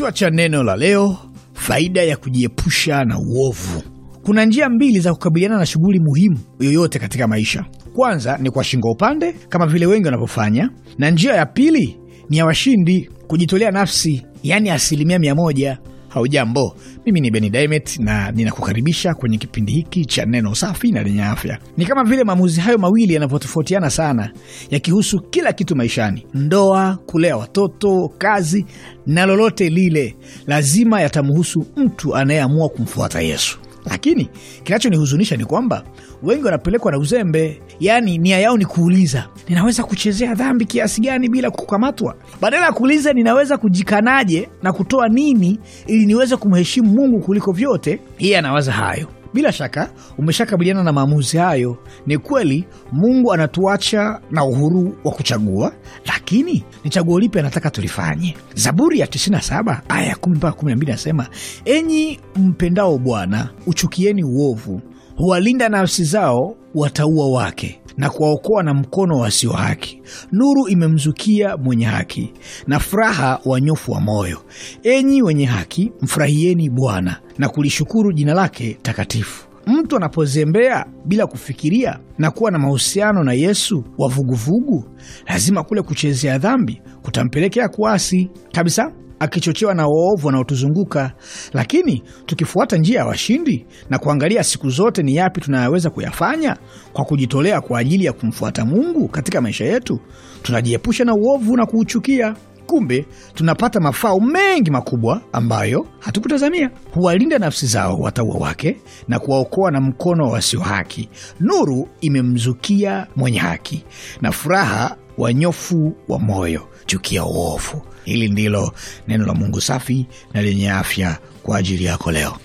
Kichwa cha neno la leo: faida ya kujiepusha na uovu. Kuna njia mbili za kukabiliana na shughuli muhimu yoyote katika maisha. Kwanza ni kwa shingo upande, kama vile wengi wanavyofanya, na njia ya pili ni ya washindi, kujitolea nafsi, yaani asilimia mia moja. Haujambo, mimi ni Beni Dimet na ninakukaribisha kwenye kipindi hiki cha neno safi na lenye afya. Ni kama vile maamuzi hayo mawili yanavyotofautiana sana, yakihusu kila kitu maishani: ndoa, kulea watoto, kazi na lolote lile, lazima yatamhusu mtu anayeamua kumfuata Yesu. Lakini kinachonihuzunisha ni kwamba wengi wanapelekwa na uzembe, yaani nia yao ni kuuliza ninaweza kuchezea dhambi kiasi gani bila kukamatwa, badala ya kuuliza ninaweza kujikanaje na kutoa nini ili niweze kumheshimu Mungu kuliko vyote. Yeye anawaza hayo bila shaka umeshakabiliana na maamuzi hayo. Ni kweli Mungu anatuacha na uhuru wa kuchagua, lakini ni chaguo lipi anataka tulifanye? Zaburi ya 97 aya ya 10 mpaka 12 nasema, enyi mpendao Bwana, uchukieni uovu, huwalinda nafsi zao wataua wake na kuwaokoa na mkono wa wasio haki. Nuru imemzukia mwenye haki, na furaha wanyofu wa moyo. Enyi wenye haki, mfurahieni Bwana na kulishukuru jina lake takatifu. Mtu anapozembea bila kufikiria na kuwa na mahusiano na Yesu wa vuguvugu, lazima kule kuchezea dhambi kutampelekea kuasi kabisa akichochewa na waovu wanaotuzunguka, lakini tukifuata njia ya washindi na kuangalia siku zote ni yapi tunayoweza kuyafanya kwa kujitolea kwa ajili ya kumfuata Mungu katika maisha yetu, tunajiepusha na uovu na kuuchukia kumbe tunapata mafao mengi makubwa ambayo hatukutazamia. Huwalinda nafsi zao wataua wake na kuwaokoa na mkono wa wasio haki. Nuru imemzukia mwenye haki na furaha wanyofu wa moyo. Chukia uofu Hili ndilo neno la Mungu safi na lenye afya kwa ajili yako leo.